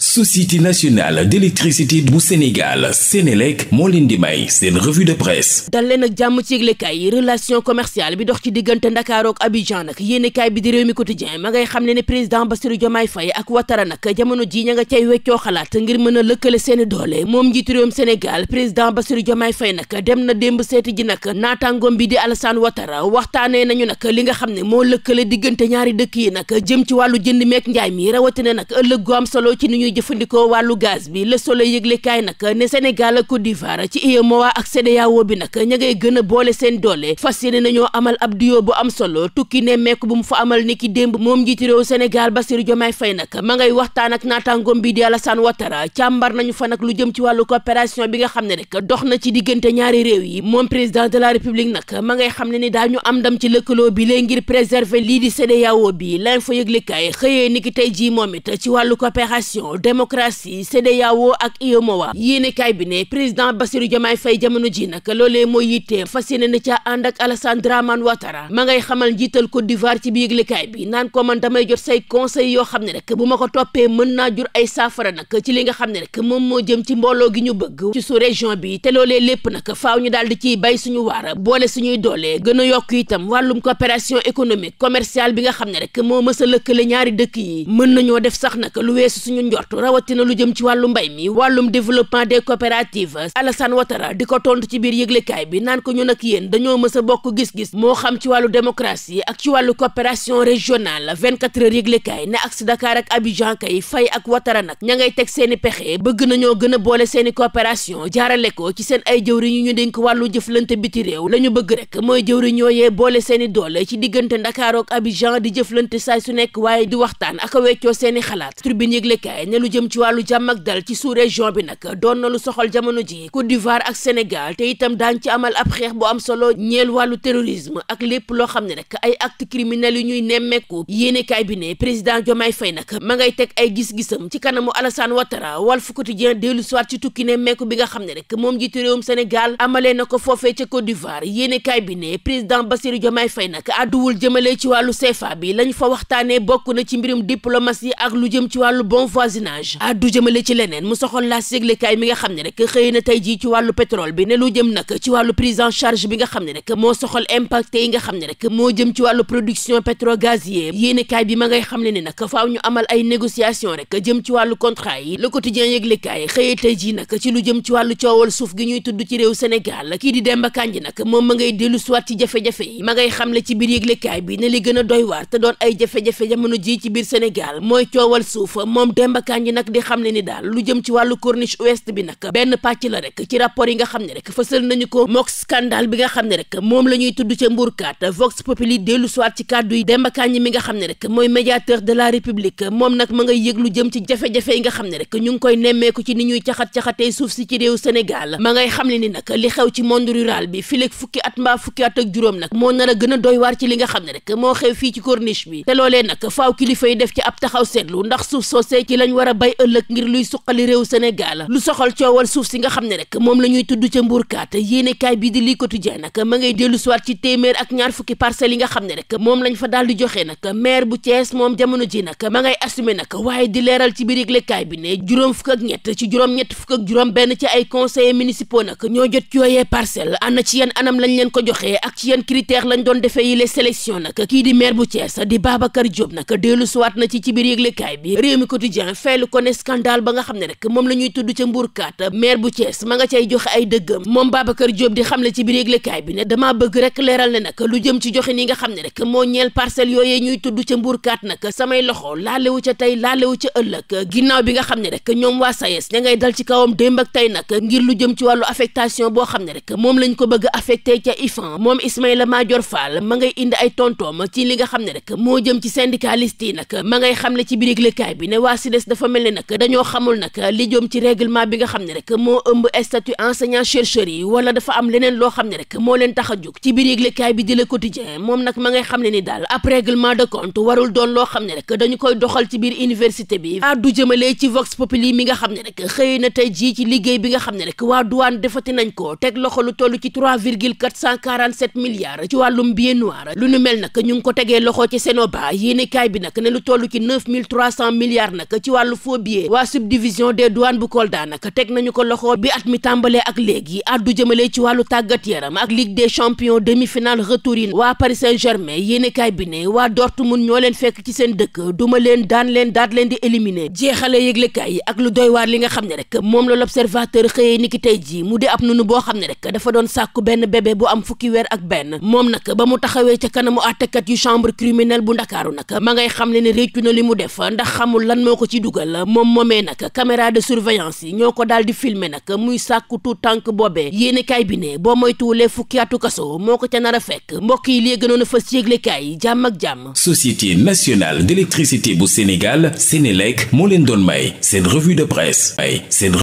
société nationale d'électricité bu Sénégal Sénélec moo leen di may seen revue de presse dal ak jàmm ci yëglekaay yi relation commerciale bi dox ci diggante Ndakaaru ak Abidjan nag yéenekaay bi di réew mi quotidien ma ngay xam ne ne président Bassirou Diomaye Faye ak Ouattara nag jamono ji ña nga cay weccoo xalaat ngir mën a lëkkale seeni doole moom njiitu réewum Sénégal président Bassirou Diomaye Faye nag dem na démb seeti ji nag naataangoom bi di Alassane Ouattara waxtaanee nañu nag li nga xam ne moo lëkkale diggante ñaari dëkk yi nag jëm ci wàllu jënd meek njaay mi ñuy jëfandikoo wàllu gaz bi le soleil yëglekaay nag ne Sénégal ak Côte d'Ivoire ci UEMOA ak CEDEAO bi nag ña ngay gën a boole seen doole fas yéene amal ab duyoo bu am solo tukki ne mekk bu mu fa amal ni ki démb moom njiiti réew Sénégal Bassirou Diomaye Faye nag ma ngay waxtaan ak naataangoom bi di Alassane Ouattara càmbar nañu fa nag lu jëm ci wàllu coopération bi nga xam ne rek dox na ci diggante ñaari réew yi moom président de la république démocratie CEDEAO ak UEMOA yéenekaay bi ne président Bassirou Diomaye fay jamono ji nag loolee mooy yitteem fas yéene na ca ànd ak Alassane Dramane Ouattara ma ngay xamal njiital Côte d'Ivoire ci bi yëglekaay bi naan ko man damay jot say conseil yoo xam ne rek bu ma ko toppee mën naa jur ay saafara nag ci li nga xam ne rek moom moo jëm ci mbooloo gi ñu bëgg ci sous-région bi te loolee lépp nag faaw ñu daal di ciy bay suñu waara boole suñuy doole gën a yokk itam wàllum coopération économique commercial bi nga xam ne rek moo mës a lëkkale ñaari dëkk yi mën njort rawatina lu jëm ci wàllu mbay mi wàllum développement des coopératives Alassane Ouattara di ko tontu ci biir yëglekaay bi naan ko ñun nag yéen dañoo mës a bokk gis-gis moo xam ci wàllu démocratie ak ci wàllu coopération régionale 24 heures yëglekaay ne ak si Dakar ak Abidjan kay fay ak Ouattara nag ña ngay teg seeni pexe bëgg nañoo gën a boole seeni coopération jaarale ko ci seen ay jëwriñ yu ñu dénk wàllu jëflante biti réew la ñu bëgg rek mooy jëwriñ yooyee boole seeni doole ci diggante Dakar ak Abidjan di jëflante saay su nekk waaye di waxtaan ak a weccoo seeni xalaat tribune yëglekaay ne lu jëm ci wàllu jàmm ak dal ci sous-région bi nag doon na lu soxal jamono ji Côte d'Ivoire ak Sénégal te itam daan ci amal ab xeex bu am solo ñeel wàllu terrorisme ak lépp loo xam ne rek ay acte criminel yu ñuy nemmeeku yéenekaay bi ne président Diomaye Faye nag ma ngay teg ay gis-gisam ci kanamu Alassane Ouattara Walf Quotidien dellu soir ci tukki nemmeeku bi nga xam ne rek moom jiitu réewum Sénégal amalee na ko foofee ca Côte yéenekaay bi ne président Bassirou Diomaye Faye nag àdduwul jëmale ci wàllu CFA bi lañ fa waxtaanee bokk na ci mbirum diplomatie ak lu jëm ci wàllu bon voisinage voisinage addu jëmale ci leneen mu soxol laa yëglekaay mi nga xam ne rek xëy na tey jii ci wàllu pétrole bi ne lu jëm nag ci wàllu prise en charge bi nga xam ne rek xam ne rek moo jëm ci wàllu production pétrogazier yéenekaay bi ma ngay xam ne ne nag faaw ñu amal ay négociation rek jëm ci wàllu contrat yi le quotidien yëglekaay xëyee tey jii nag ci lu jëm ci wàllu coowal suuf gi ñuy tudd ci réew Sénégal kii di Demba Kandji nag moom ma ngay dellu suwaat ci jafe-jafe yi ma ngay xamle ci biir yëglekaay bi ne li gën a doy waar te doon ay jafe-jafe jamono ji ci biir Sénégal mooy coowal suuf moom Demba yéenekaay yi nag di xam ne ni daal lu jëm ci wàllu corniche ouest bi nag benn pàcc la rek ci rapport yi nga xam ne rek fësal nañu ko mook scandale bi nga xam ne rek moom la ñuy tudd ca mbuurkat vox populi dellu soit ci kàddu yi Demba Kandji mi nga xam ne rek mooy médiateur de la république moom nag ma ngay yëg lu jëm ci jafe-jafe yi nga xam ne rek ñu ngi koy nemmeeku ci ni ñuy caxat-caxatee suuf si ci réew Sénégal ma ngay xam ne ni nag li xew ci monde rural bi file fukki at mbaa fukki at ak juróom nag moo nar a gën a doy waar ci li nga xam ne rek moo xew fii ci corniche bi te loolee nag faaw kilifa yi def ci ab taxaw seetlu ndax war a bay ëllëg ngir luy suqali réew Sénégal lu soxal coowal suuf si nga xam ne rek moom la ñuy tudd ca mbuurkaat yéenekaay bi di lii quotidien nag ma ngay dellu siwaat ci téeméer ak ñaar fukki parcelles yi nga xam ne rek moom lañ fa daal di joxe nag maire bu Thiès moom jamono ji nag ma ngay assumé nag waaye di leeral ci biir bi ne juróom fukk ak ñett ci juróom fukk ak juróom benn ci ay conseillers municipaux nag ñoo jot yooyee parcelle ana ci yan anam lañ leen ko joxe ak ci yan critère lañ doon defee yi les sélection nag kii di maire bu Thiès di Babacar Diop nag dellu siwaat na ci ci biir yëglekaay bi réew mi quotidien feelu ko ne scandale ba nga xam ne rek moom la ñuy tudd ca mbuurkat maire bu Thiès ma nga cay joxe ay dëggam moom Babacar Diop di xam le ci biir yëglekaay bi ne damaa bëgg rek leeral ne nag lu jëm ci joxe ni nga xam ne rek moo ca mbuurkat nag ginnaaw bi nga xam ne rek ñoom waa SAES ña ngay dal ci kawam démb ak tey nag ngir lu jëm ci wàllu affectation boo xam ne rek moom lañ ko bëgg affecté ca IFAN moom Ismaïla Madior Fall ma ngay indi ay tontoom ci li nga xam ne rek moo jëm ci syndicaliste yi nag ma biir yëglekaay bi ne waa SYDES dafa mel ni nag dañoo xamul nag li jëm ci règlement bi nga xam ne rek moo ëmb statut enseignant chercheur yi wala dafa am leneen loo xam ne rek moo leen tax a jóg ci biir yëglekaay bi di Le Quotidien moom nag ma ngay xam ne ni daal ab règlement de compte warul doon loo xam ne rek dañu koy doxal ci biir université bi addu jëmale ci Vox Populi mi nga xam ne rek xëy na tey jii ci liggéey bi nga xam ne rek waa douane defati nañ ko teg loxo lu toll ci 3 virgule 447 milliards ci wàllum billet noir lu mel nag ñu ngi ko tegee loxo ci Sénoba yéenekaay bi nag ne lu toll ci 9300 milliards nag ci wàllu wàllu faux billet waa subdivision des douanes bu Kolda nag teg nañu ko loxo bi at mi tàmbalee ak léegi addu jëmale ci wàllu tàggat yaram ak ligue des champions demi-finale retour yi waa Paris Saint-Germain yéenekaay bi ne waa Dortmund ñoo leen fekk ci seen dëkk duma leen daan leen daat leen di éliminer jeexale yëglekaay yi ak lu doy waar li nga xam ne rek moom la l'observateur xëyee ni ki tey jii mu di ab nunu boo xam ne rek dafa doon sàkku benn bébé bu am fukki weer moom nag mu taxawee ca kanamu àttekat yu chambre criminelle bu Ndakaaru nag ma ngay xam ne ne li mu def ndax Louga la moom moomee nag caméra de surveillance yi ñoo ko daal di filmer nag muy sàkku tu tànk boobee yéenekaay bi ne boo moytuwulee fukki atu kaso moo ko ca nara fekk mbokk yi lée gënoon a fës yéeglekaay yi jàmm ak jàmm Société nationale d'électricité bu Sénégal Sénélec moo leen doon may seen revue de presse ay seen